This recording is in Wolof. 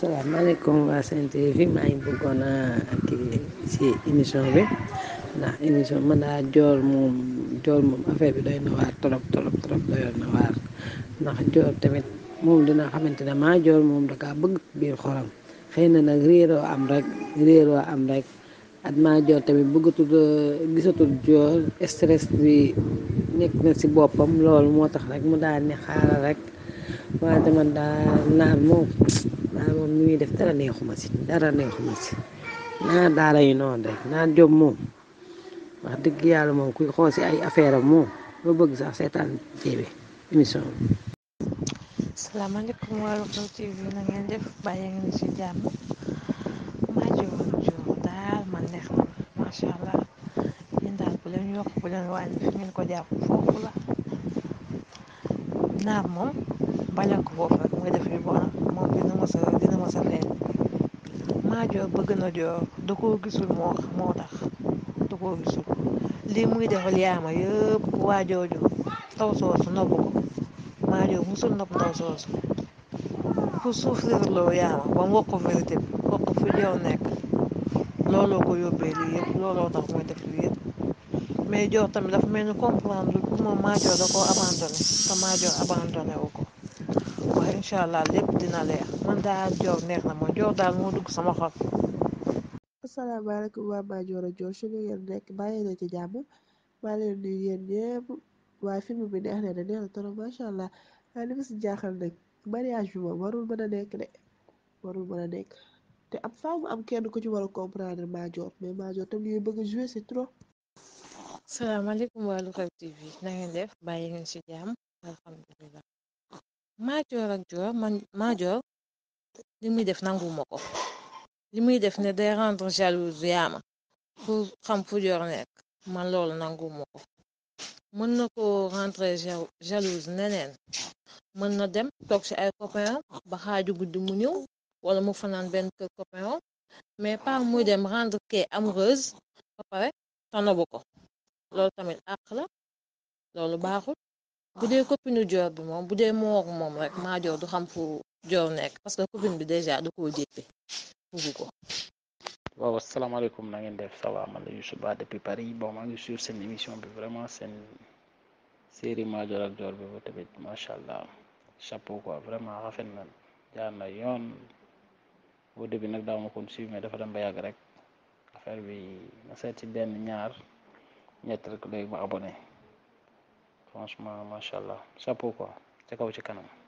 asalaamaaleykum waa Sen TV maa ngi bëggoon a ci émission bi ndax émission mën naa joor moom joor moom affaire bi doy na waar trop trop trop doyoon na ndax joor tamit moom dina xamante ne maa joor moom da bëgg biir xolam xëy na nag réeroo am rek réeroo am rek at maa joor tamit bëggatul gisatul joor stress bi nekk na si boppam loolu moo tax rek mu daal ni xaaral rek waaye dama daal naan moom. naa moom li def dara neexuma si dara neexuma si naa daara yi noonu rek naa job moom wax dëgg yàlla moom kuy xool si ay affaire am moom loo bëgg sax seetaan jéebe émission bi. salaamaaleykum waa na ngeen def daal man yokk bu leen ngeen ko jàpp foofu la naar moom. pàllank foofu rek mooy def yu bon moom dina mës a dina mës a feeñ maajoor bëgg na joor da koo gisul moo moo tax da koo gisul lii muy defal yaama yëpp waa jooju ndaw soosu nopp ko maajoor musul nopp ndaw soosu pour souffrir yaama ba mu fi jow looloo ko yóbbee lii tax muy def lii yëpp mais joor tamit dafa mel ni comprendre moom maajoor da koo abandonné maajoor abandonné ko incha allah lépp dina leer man daal joor neex na ma daal moo dugg sama xol. asalaamaaleykum waa Madior ak ci jàmm maa a nekk de warul mën a nekk am kenn ku ci war a comprendre Madior mais Madior tam li bëgg a jouer Xew TV na ngeen ci jàmm maajoor ak joor maajoor li muy def nanguwuma ko li muy def ne day rendre jalouse yaama pour xam fu joor nekk man loolu nanguwuma ko mën na ko rendre jalouse neneen mën na dem toog ci ay copain ba xaaju gudd mu ñëw wala mu fanaan benn kër mais pas muy dem rendre kee amoureuse ba pare tanobu ko loolu tamit àq la loolu baaxul bu dee copine joor bi moom bu dee moo ak moom rek maa du xam fu joor nekk parce que copine bi déjà du ko jéppi fugu ko waaw asalaamaaleykum na ngeen def ça va man la Youssou Ba depuis Paris bon maa ngi seen émission bi vraiment seen série Madior ak Dior bi ba tamit macha allah chapeau ko vraiment rafet na jaar na yoon au début nag daaw ma ko suivre dafa dem ba yàgg rek affaire bi ma seet ci benn ñaar ñett rek léegi ma abonné franchement macha allah chapeau quoi ca kaw ci kanam.